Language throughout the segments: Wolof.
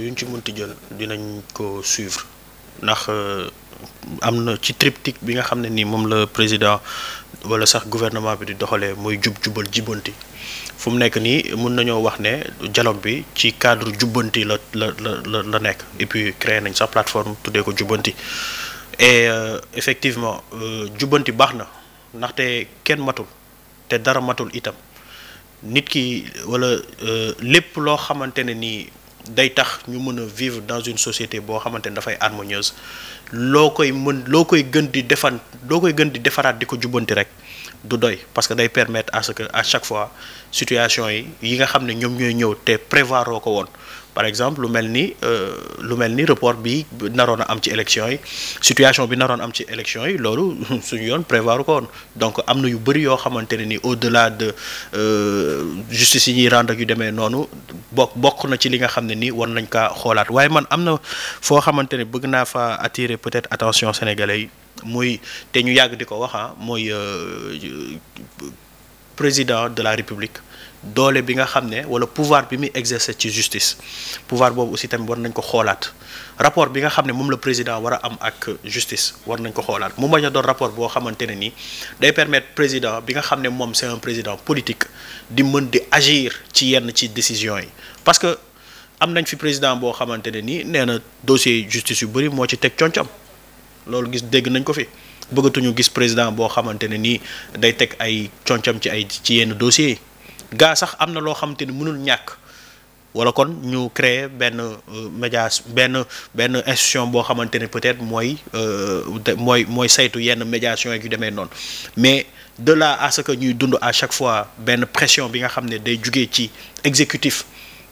yuñ ci mënti jël dinañ ko suivre ndax euh, am na ci triptyque bi nga xam ne ni moom la président wala sax gouvernement bi di doxalee mooy jub jubal jubbanti fu mu nekk nii mun nañoo wax ne dialogue bi ci cadre jubbanti la la la la nekk et puis créé nañ sax plateforme tuddee ko jubbanti et euh, effectivement euh, jubbanti baax na ndaxte kenn matul te dara matul itam nit ki wala lépp loo xamante ne nii. day tax ñu mën a vivre dans une société boo xamante ni dafay harmonieuse loo koy mën loo koy gën di defan loo koy gën di defaraat di ko jubbanti rek du doy parce que day permettre à ce que à chaque fois situation yi yi nga xam ne ñoom ñooy ñëw te prévoir ko woon par exemple lu mel ni euh, lu mel ni report bi naroon a am ci élection yi situation bi naroon am ci élection yi loolu suñu yoon prévoir ko woon donc am na yu bëri yoo xamante ne ni au-delà de euh, justice yi ñuy rendre yu demee noonu bokk bokk na ci li nga xam ne ni war nañ kaa xoolaat waaye man am na foo xamante ne bëgg naa fa attirer peut-être attention sénégalais yi muy te ñu yàgg di ko wax ah mooy euh, président de la république doole bi nga xam ne wala pouvoir bi muy exercer ci justice pouvoir boobu aussi tamit war nañ ko xoolaat rapport bi nga xam ne moom la président war a am ak justice war nañ ko xoolaat mu bañ a doon rapport boo xamante ne nii day permettre président bi nga xam ne moom c'est un président politique di mën di agir ci yenn ci décision yi parce que am nañ fi président boo xamante ne nii nee na dossier justice yu bëri moo ci teg concam loolu gis dégg nañ ko fi bëggatuñu gis président boo xamante ne nii day teg ay concam ci ay ci yenn dossiers gaa sax am na loo xamante ni mënul ñàkk wala kon ñu créer benn euh, média benn benn institution boo xamante ne peut-être mooy euh, mooy mooy saytu yenn médiation yi yu demee noonu mais de la à que ñuy dund à chaque fois benn pression bi nga xam ne day juge ci exécutif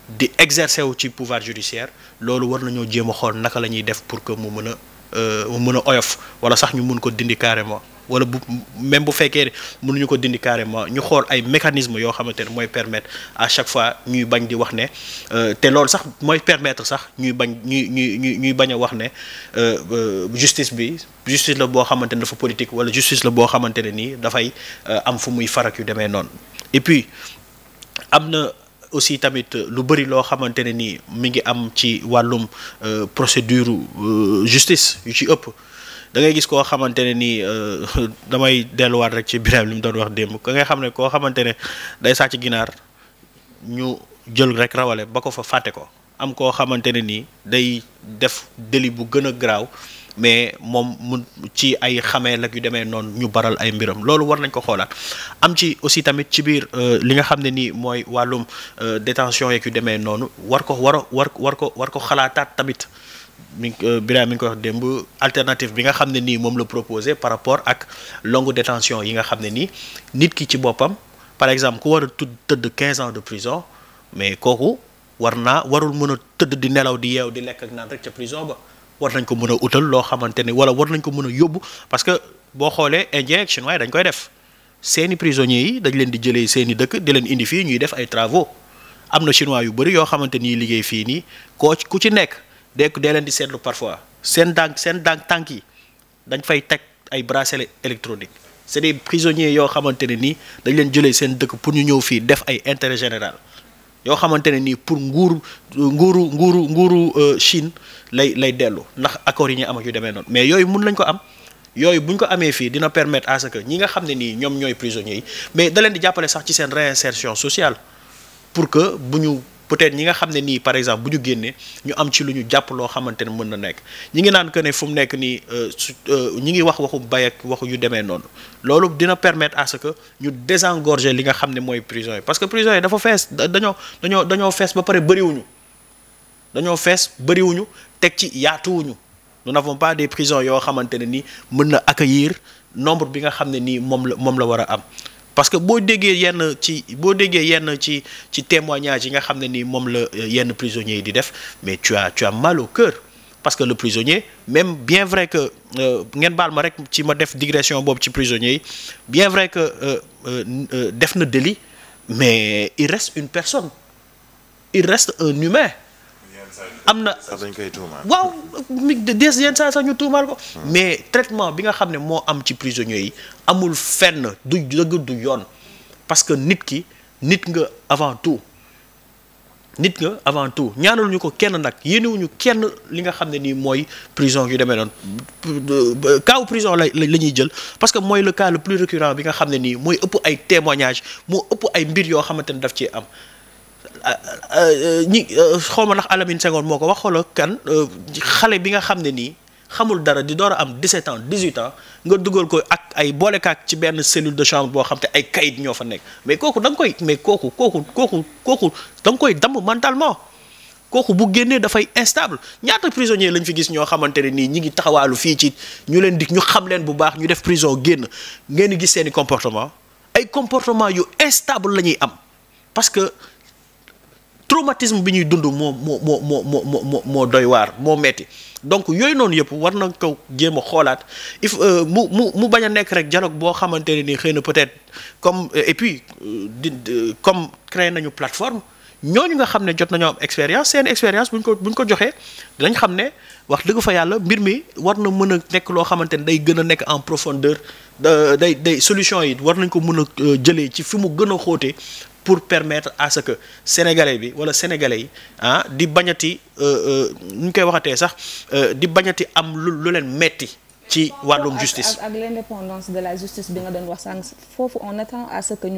di exercer wu ci pouvoir judiciaire loolu war nañoo jéem a xool naka la ñuy def pour que mu mën a euh, mu mën a oyof wala sax ñu mun ko dindi carrément. wala bu même bu fekkee mënuñu ko dindi carrément ñu xool ay mécanismes yoo xamante ne mooy permettre à chaque fois ñuy bañ di wax ne euh, te loolu sax mooy permettre sax ñuy bañ ñuy ñuy ñuy bañ a wax ne euh, euh, justice bi justice la boo xamante ne dafa politique wala justice la boo xamante ne nii dafay am fu muy farak yu demee noonu et puis am na aussi tamit lu bëri loo xamante ne nii mi ngi am ci wàllum procédure justice yu ci ëpp. da ngay gis koo xamante ne nii euh, damay delluwaat rek ci Birame li mu doon wax démb ka ngay xam ne koo xamante ne day sàcc ginaar ñu jël rek rawale ba ko fa fàtte ko am koo xamante ne nii day def délit bu gën a garaaw mais moom mu ci ay xamee nag yu demee noonu ñu baral ay mbiram loolu war nañ ko xoolaat am ci aussi tamit ci biir euh, li nga xam ne nii mooy wàllum euh, détention yeeg yu demee noonu war ko war war war ko war ko xalaataat tamit mi ngi euh, Birame mi ngi ko wax démb alternative bi nga xam ne nii moom la proposé par rapport ak longue détention yi nga xam ne nii nit ki ci boppam par exemple ku war a tudd tëdd quinze ans de prison mais kooku war naa warul mën a tëdd di nelaw di yeew di lekk ak naan rek ca prison ba war nañ ko mën a utal loo xamante ni wala war nañ ko mën a yóbbu parce que boo xoolee indien ak chinois dañ koy def seeni prisonniers yi dañ leen di jëlee seeni dëkk di leen indi fii ñuy def ay travaux am na chinois yu bëri yoo xamante ni liggéey fii nii koo ku ci nekk dee dee leen di seetlu parfois seen dànk seen dànk tànk yi dañ fay teg ay bracelet électronique c'est des prisonniers yoo xamante ne nii dañ leen jëlee seen dëkk pour ñu ñëw fii def ay intérêt général yoo xamante ne nii pour nguur nguuru nguuru nguuru euh, Chine lay lay dellu ndax accords yi ñu am yu demee noonu mais yooyu mun lañ ko am yooyu buñ ko amee fii dina permettre à ce que ñi nga xam ne nii ñoom ñooy prisonniers yi mais daleen di jàppale sax ci seen réinsertion sociale pour que bu ñu peut-être ñi nga xam ne nii par exemple bu ñu génnee ñu am ci lu ñu jàpp loo xamante ne mën na nekk ñi ngi naan que ne fu mu nekk nii euh, su euh, ñi ngi wax waxu bay ak waxu yu demee noonu loolu dina permettre à que ñu désengorger li nga xam ne mooy prison yi parce que prison yi dafa fees dañoo dañoo dañoo fees ba pare bëriwuñu dañoo fees bëriwuñu teg ci yaatuwuñu nous n'avons pas des prisons yoo xamante ne nii mën na yiir nombre bi nga xam ne nii moom la moom la war a am parce que boo déggee yenn ci boo déggee yenn ci ci témoignage yi nga xam ne ni moom la euh, yenn prisonniers yi di def mais tu as tu as mal cœur parce que le prisonnier même bien vrai que euh, ngeen baal ma rek ci ma def digression boobu ci prisonnier yi bien vrai que euh, def na délit mais il reste une personne il reste un humain am na dañ koy tuumaal waaw mi des yenn saa sax ñu tuumaal ko mais traitement bi nga xam ne moo am ci prisonniers yi amul fenn du dëgg du yoon parce que nit ki nit nga avant tout nit nga avant tout ñaanal ñu ko kenn nag yéenewuñu kenn li nga xam ne nii mooy prison yu demee noonu cas prison la la ñuy jël parce que mooy le cas le plus récurrent bi nga xam ne nii mooy ëpp ay témoignages moo ëpp ay mbir yoo xamante ne daf ci am Euh, euh, euh, ñi xaw ma ndax Alamine Senghor moo ko wax xoolal kan xale bi nga xam ne nii xamul dara di door a am 17 ans 18 ans nga dugal ko ak ay boolekaak ci benn cellule de chambre boo xam te ay kayit ñoo fa nekk mais kooku da koy mais kooku kooku kooku kooku da nga koy damm mentalement kooku bu génnee dafay instable ñaata prisonnier lañ fi gis ñoo xamante ne nii ñi ngi taxawaalu fii ci ñu leen dik ñu xam leen bu baax ñu def prison génn ngeen gis seeni comportement ay comportement yu instable la ñuy am traumatisme bi ñuy dund moo moo moo moo moo moo moo doy waar moo metti donc yooyu noonu yëpp war nañ ko jéem a xoolaat if euh, mu mu mu bañ a nekk rek dialogue boo xamante ne ni xëy na peut-être comme euh, et puis euh, di comme créer nañu plateforme ñu nga xam ne jot nañoo am expérience seen expérience bu ñu ko bu ko joxee dinañ xam ne wax dëgg fa yàlla mbir mi war na mën a nekk loo xamante ne day gën a nekk en profondeur day day solution yi war nañ ko mën a jëlee ci fi mu gën a xóotee pour permettre à ce que sénégalais bi wala sénégalais yi ah di bañati euh, euh, ñu koy waxatee sax euh, di bañati am lu lu leen metti ci wàllum justice. ak l'indépendance de la justice bi nga doon wax sànq foofu